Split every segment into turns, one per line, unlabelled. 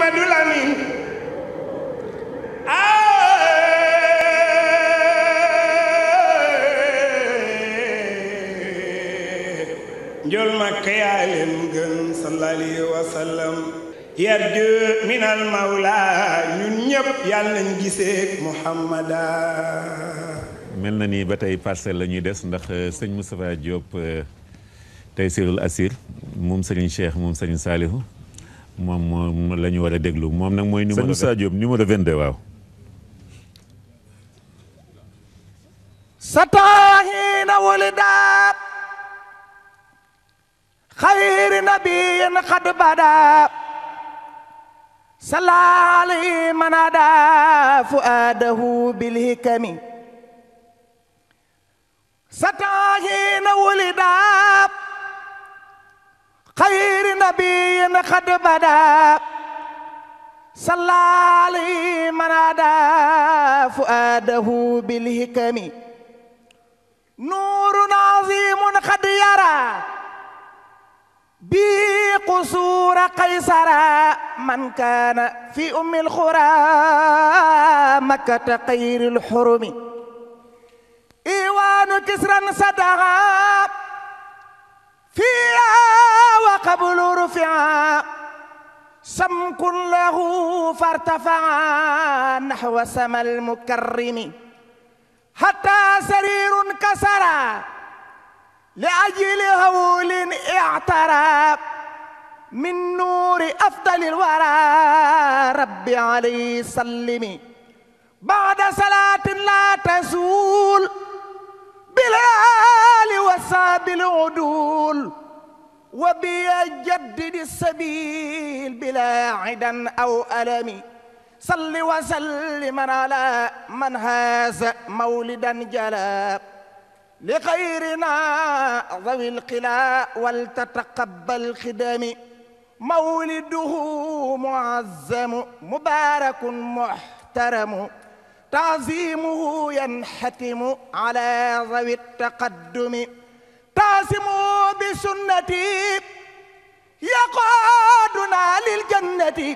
Mouhamadou Lamine
njol makka yaa leen gën sallallahu alayhi wa sallam mawla ñun ñëpp yàlla nañ giseek Muhammada
mel na nii ba tey parcelle la ñuy des ndax euh, sëñ Moustapha Diop euh, tey sirul asir moom sëriñ Cheikh moom sëriñ Saalihu moom moo la ñu war a déglu moom nag mooy. numéro Moussa Diop numéro 22 waaw.
sataa hiina wulidaat xayri nabiyin xad badaa salaali man adaa fuaadahu bilhikami sataa hiina wulidaat xayri nabiyin قد بدا صلى عليه من عدا فؤاده بالهكم نور عظيم قد يرى بقصور قيصر من كان في أم الخرى مكة خير الحرم إيوان كسرا صدغا فيها وقبل رفعا سمك له فارتفع نحو سما المكرم حتى سرير انكسر لأجل هول اعترى من نور أفضل الورى رب عليه سلم بعد صلاة لا تزول بالآل وساب العدول وبيجدد السبيل بلا عدا أو ألم صل وسلم على من هاز مولدا جلا لخيرنا ذوي القلاء ولتتقبل خدم مولده معزم مبارك محترم تعظيمه ينحتم على ذوي التقدم taasimu bi sunnati yaqaaduna lil jannati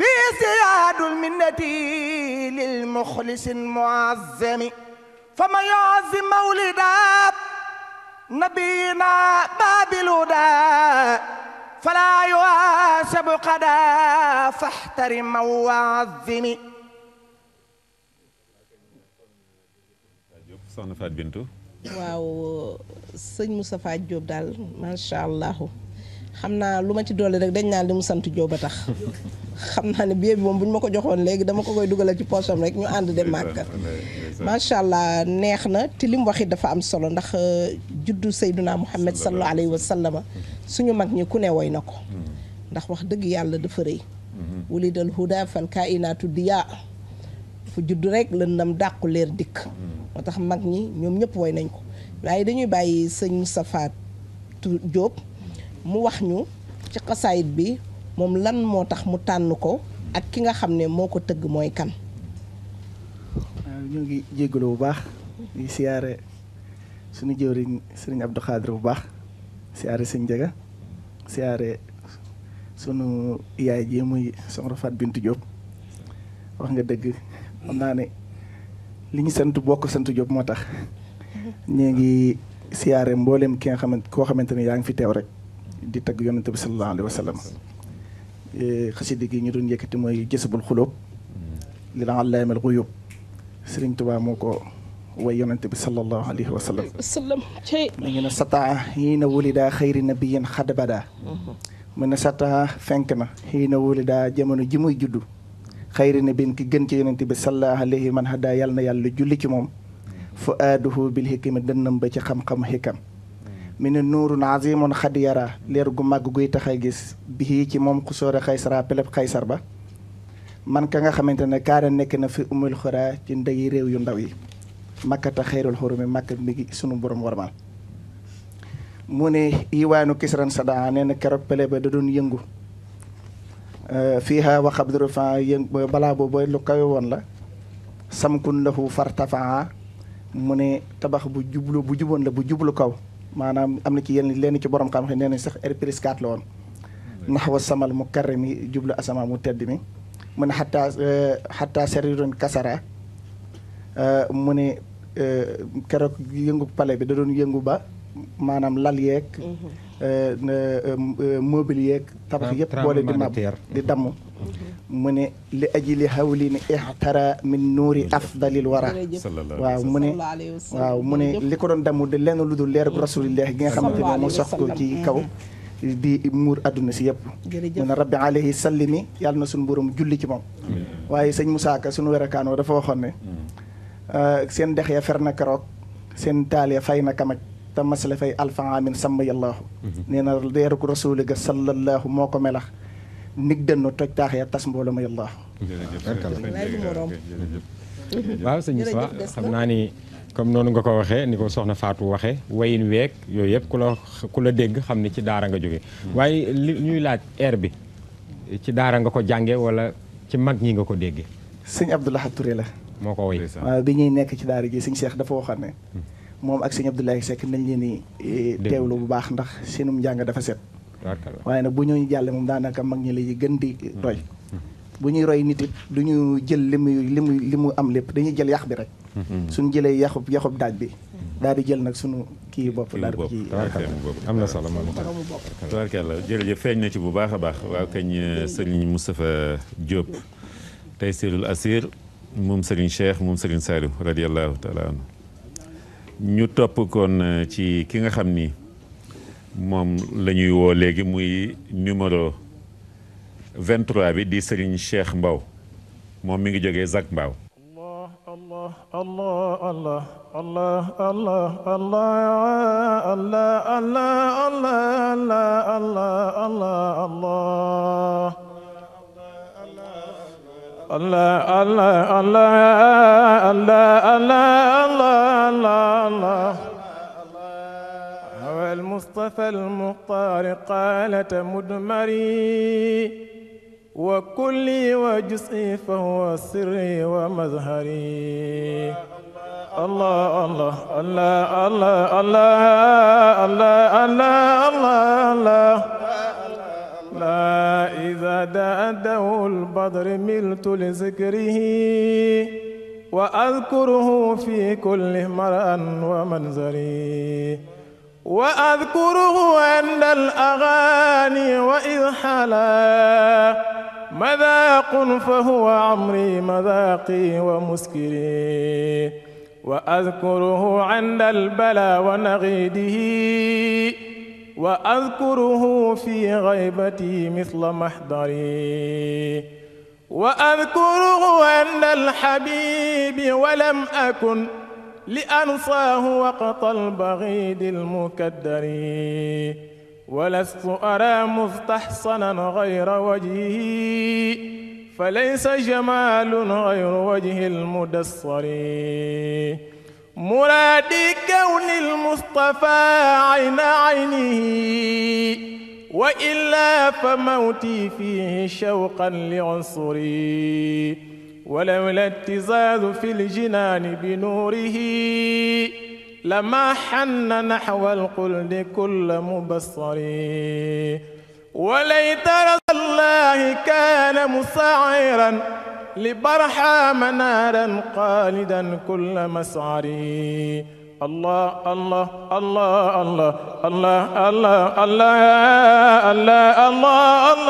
bi siyaadul minnati lil muxlisin muazzami faman yuazzim mawlida nabiyina babiluda فلا يواسب قدا فاحترم وعظم
soxna Fatou Bintou waaw sëñ
Moustapha Diop daal macha allah xam naa lu ma ci dolli rek dañ naan li mu sant Diop a tax xam naa ne billet bi moom bu ñu ma ko joxoon léegi dama ko koy dugalal ci poosam rek ñu ànd dem màkk macha allah neex na te li wax it dafa am solo ndax euh, juddu Seyduna Muhammad sallallahu alayhi wa sallama suñu mag ñi ku ne woy na ko ndax wax dëgg yàlla dafa rëy mhm. wulidal huda fal kainaatu diyaa fu juddu rek lëndam dàqu leer dikk mhm. moo tax mag ñi ñoom ñëpp woy nañ ko waaye dañuy bàyyi sëñ Moustapha Diop mu wax ñu ci xasaayit bi moom lan moo tax mu tànn ko ak ki nga xam ne moo ko tëgg mooy kan.
ñu ngi jégalu bu baax di siyaare suñu jëwriñ sëriñ Abdou Khadre bu baax siyaare sëñ Jaga siyaare sunu yaay ji muy soxna Fatou bint Diop wax nga dëgg xam naa ne li ñu sant bokk sant Diop moo tax. ñu ngi siyaare mboolem ki nga xamante koo xamante ni yaa ngi fi teew rek di tagg yonante bi sallallahu alayhi wa sallam eh, xasida gi ñu doon yëkkati mooy jësabul xulóob li la allaamal xuyub Sëriñ Tuubaa moo ko way yonante bi sallallahu alayhi wa sallam mu ne sataa na wulida xayri nabiyin xadabada mu ne sataa fenk na yii na wulida jamono ji muy juddu xayri nabiyin ki gën ci yonante bi sallallahu alayhi man hada yàlla na yàlla julli ci moom fuaaduhu bil hikima dënnam ba ci xam-xam xikam mi ne nuurun azimun xad yara leer gu màgg guy tax a gis bii ci moom ku soore xaysara peleb xaysar ba man ka nga xamante ne kaara nekk na fi umul xura ci ndeyi réew yu ndaw yi makkata xayrul xurumi makka mi ngi sunu borom warmal mu ne yiwaanu kisran sada yëngu euh, fiiha fa yëngu woon la samkun mu ne tabax bu jublu bu juboon la bu jublu kaw maanaam am na ci yenn lenn ci borom xam-xam nee nañ sax R plus 4 la woon ndax wa samal mu karre mi jublu asama mu tedd mi mu ne xataa xataa euh, sariron kasara euh, mu ne euh, keroog yëngu pale bi da doon yëngu ba maanaam lal yeeg mhm. Euh, euh, euh, mobilier tabax yëpp boole di mab di damm mu ne li ajli hawlin ihtara min nuuri afdalil wara waaw mu ne waaw mu ne li ko doon damm di lenn lu dul leer bu rasulillah gi nga xamante ne moo sox ko ci kaw di muur àdduna si yëpp mu ne rabbi salli sallimi yàlla na suñu borom julli ci moom waaye mu Moussa Ka suñu werakaanoo dafa waxoon ne mm. seen dex ya fer na keroog seen taal ya fay na kamaj te masala fay alfan amin sàmm yàllaahu mhm. nee na leeru ko rasuuli ga sallallahu moo ko melax nig dënn toj taax a tas mbooloo ma yàllaahu
mhm. waaw sëñ Moussa xam naa ni comme noonu nga ko waxee ni ko soxna Fatou waxee wayin week yooyu yëpp ku la ku la dégg xam ni ci daara nga jóge mhm. waaye li ñuy laaj air bi ci daara nga ko jànge wala ci mag ñi nga ko dégge sëñ Abdoulaye Touré la moo ko way
waaw bi ñuy nekk ci daara ji sëñ seex dafa waxoon moom ak sëñ Abdoulaye Seck nañ leen ni eh, teewlu bu baax ndax seenum njàng dafa set waaye nag bu ñuy jàllee moom daanaka mag ñi lay gën di hmm. roy bu ñuy roy nit it duñu jël li li muy li mu am lépp dañuy jël yax bi rek hmm. suñu jëlee yaxub yaxub daaj bi daal di jël nag sunu kii bopp daal di kii na
solo moom tabarkàlla jërëjëf feeñ na ci bu baax a baax waaw kañ eh, sëriñ Moustapha Diop tey sirul asir moom sëriñ Cheikh moom sëriñ Saliou radiallahu taala ñu topp kon ci ki nga xam ni moom lañuy woo léegi muy numéro 23 bi di Serigne Cheikh Mbaw moom mi ngi jógee Zac Mbaaw.
Allah Allah Allah Allah Allah Allah Allah Allah Allah Allah Allah Allah Allah Allah Allah Allah Allah Allah هوى المصطفى المختار قال تمد مري وكلي وجزئي فهو سري ومظهري الله الله الله الله الله الله الله الله هذا أده البدر ملت لذكره وأذكره في كل مرأ ومنزري وأذكره عند الأغاني وإذ حلا مذاق فهو عمري مذاقي ومسكري وأذكره عند البلا ونغيده wa adkuruhu fi gaybati misla mahdari wa adkuruhu inda alxabibi walam akun li ansaahu waqta albaghidi almukaddari walastu ara mustahsanan gayra wajhihi فليس جمال غير وجه المدصر muraadi kawni almustafaa ayna aynihi wa illaa fa mawti fiihi shawqan li unsuri walawla ittizaadu fi ljinaani binuurihi lama xanna naxwa alquldi kulla mubassari wa layta rasulallahi kaana musairan li barxaama naaran xaalidan kulla masari allah allah allah allah allah allah allah allah allah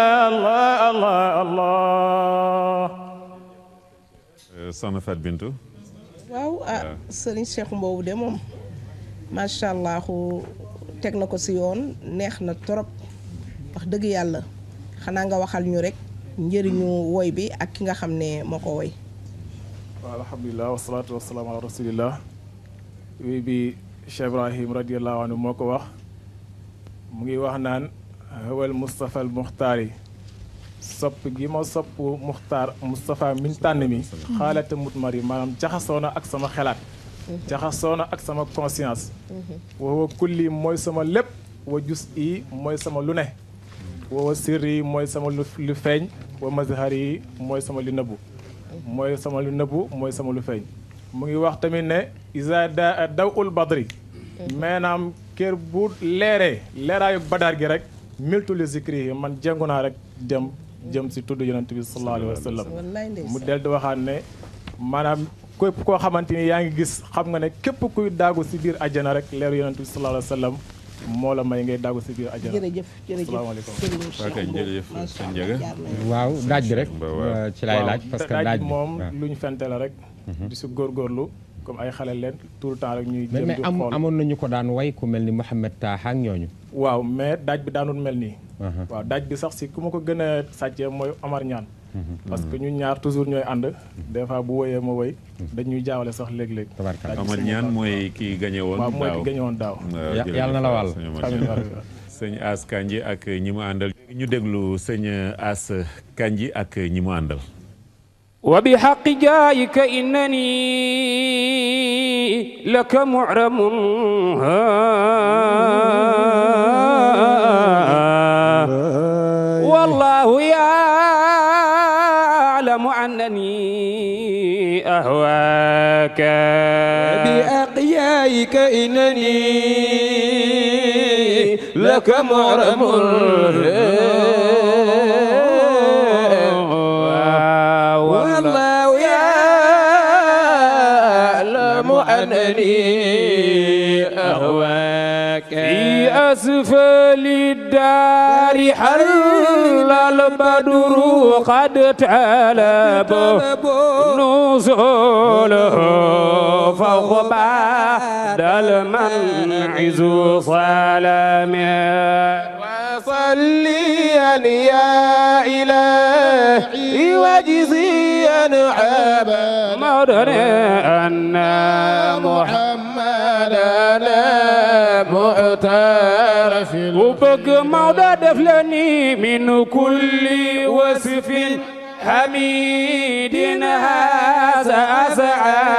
allah allah allah
soxna Fatou Bintou
waaw ah sëriñ Cheikh Mbow de moom macha allah teg na ko si yoon neex na trop wax dëgg yàlla xanaa nga waxal ñu rek njëriñu woy bi ak ki nga xam ne moo ko woy
waaw
alhamdulilah wasalaatu wasalaamu moo ko wax mu ngi wax naan hawal Moustapha al Muxtaar ma sopp mut mari maanaam jaxasoo ak sama xelaat jaxasoona ak sama conscience mhm. wa kulli mooy sama lépp wa jus i mooy sama lu ne wa sirri mooy sama lu feeñ wa mazhar yi mooy sama lu nëbbu mooy sama lu nëbbu mooy sama lu feeñ mu ngi wax tamit ne isa da daw ul badri maanaam kër bu leeree leeraayu badaar gi rek miltu li zikri yi man jéngu naa rek jëm jëm si tudd yonent bi sallallahu alayhi mu del di waxaan ne maanaam képp koo xamante ni yaa ngi gis xam nga ne képp kuy daagu si biir àjjana rek leeru yonent bi sallallahu alayhi moo la may ngay daagu si biir àjjana.
jërëjëf
jërëjëf salaamaaleykum. ok jërëjëf sëñ Ndiaga waaw laaj bi rek. ci laay laaj parce que laaj bi moom
lu ñu fente la rek. Mhm. di si góorgóorlu. comme ay xale leen tout le temps rek ñuy jëm di xool
amoon nañu ko daan way ku mel ni Mouhamed Taha ak ñooñu
waaw mais daaj bi daanul mel nii waaw daaj bi sax si ku ma ko gën a sàccee mooy Omar Ñaan
Mm-hmm. parce que
ñu ñaar toujours ñooy ànd. des fois bu woyee ma woy dañuy jaawale sax léeg-léeg. tabarkaale
mooy kii gañe woon. daaw mooy ki gañe woon daaw. sëñ As Kandji ak ñi àndal. ñu déglu sëñ As Kandji ak ñi àndal.
wa bi xaqi jaayika innani laka mu'ramun بأقيائك إنني لك مغرم والله يعلم أنني أهواك في أسفل الدار حرب لا البدر قد تعلب نزوله فوق بعد المنعز صلام وصليا يا إلهي وجزيا عبا مرني أن محمدا معتاد bëgg Maodo def la ni min kulli wasfin hamidin haasa asa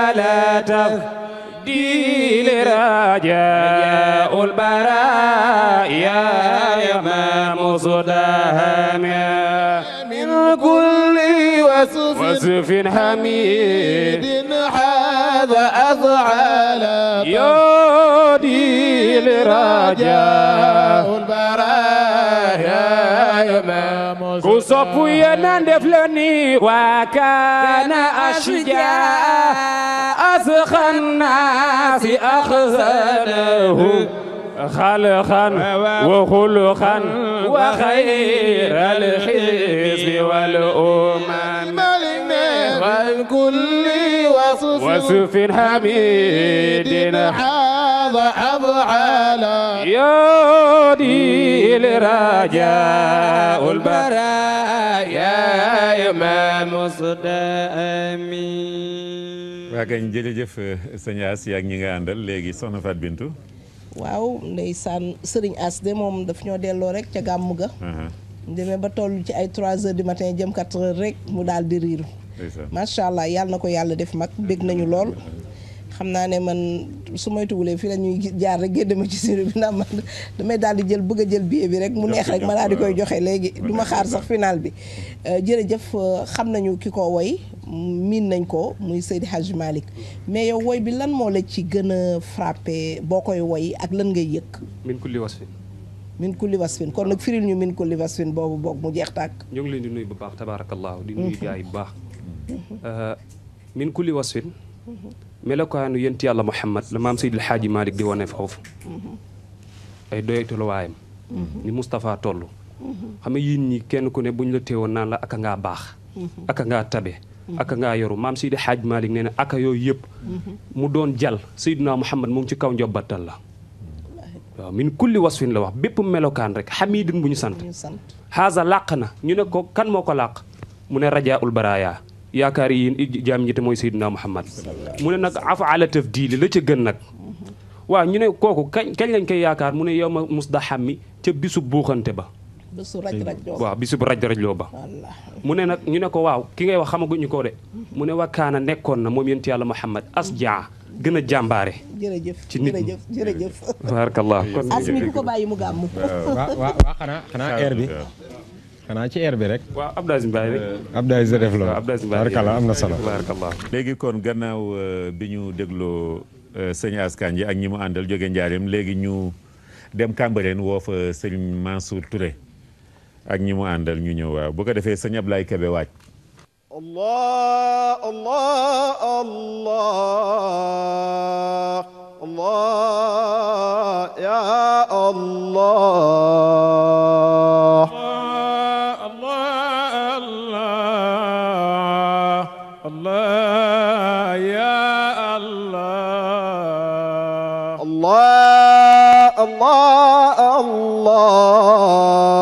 ala tafdil rajaa ul baraaya ya maamu sudahamiya min وأفعالا يودي لرجاء البرايا إمام كوسوف ينندف لني وكان أشجاع أسخى الناس أخزنه خلقا وخلقا وخير الحزب والأولى وسوف حميد حاض أفعال يودي الرجاء البرايا يما
المصدامين waa kañ jërëjëf sëñ As yaag ñi nga àndal léegi soxna Fat Bintu waaw
ndeysaan sëriñ As de moom daf ñoo delloo rek ca gàmm ga demee ba toll ci ay trois heures du matin jëm 4 heures rek mu daal di riiru macha allah yàlla na ko yàlla def mag bég nañu lool xam naa ne man su may fii la ñuy jaar rek génn ma ci sinu bi ndax man damay daal di jël bëgg jël billet bi rek mu neex rek ma daal di koy joxe léegi du ma xaar sax final bi mm-hmm. euh, jërëjëf euh, xam nañu ki ko woy miin nañ ko muy Seydi Hadj Malick mais yow woy bi lan moo la ci gën a frappé boo koy woy ak lan ngay yëg
min kulli wasfin
min kulli wasfin kon nag firil ñu min kulli wasfin boobu boog mu jeex tàkk
ñoo ngi bu baax tabaarakallaahu di mm-hmm. bu baax Euh, min kulli wasfin melokaanu yent yàlla Muhammad la maam Seydil Xaaji Malick di wane foofu ay doytuluwaayam ni Moustapha toll xam nga yéen ñi kenn ku ne buñ la téewoon naan la aka ngaa baax aka nga tabe aka nga yoru maam Seydi Xaaj Malick nee aka yooyu yëpp mu doon jal Seydina Muhammad mu ngi ci kaw njobbattal la waaw min kulli wasfin la wax bépp melokaan rek xamidin bu ñu sant xaasa làq na ñu ne kan moo ko làq mu ne rajaa ul yaakaar yi jaam ñi te mooy Seydina Muhammad mu ne nag af ala tafdili la ca gën nag waaw ñu ne kooku kañ kañ lañ koy yaakaar mu ne yow ma musdaxam mi ca bisub buuxante ba waaw bisub raj rajloo ba mu ne nag ñu ne ko waaw ki ngay wax xamaguñu ko de mu ne wakkaana nekkoon na moom yent yàlla Muhammad as jaa gën a jàmbaare.
jërëjëf ci as mi ku ko bàyyi mu gàmm. waaw waaw
xanaa xanaa air bi. xanaa ci air bi rek. waaw Abdou Aziz Mbaye rek. Euh, Abdou Aziz def loolu. Abdou Aziz Mbaye barkala am léegi kon gannaaw euh, bi ñu dégloo euh, sëñ askan ak ñi mu àndal jóge Njaareem léegi ñu dem Cambérène woo fa sëñ Mansour ak ñi mu ñu ñëw waaw bu defee sëñ Ablaye Kebe waaj.
الله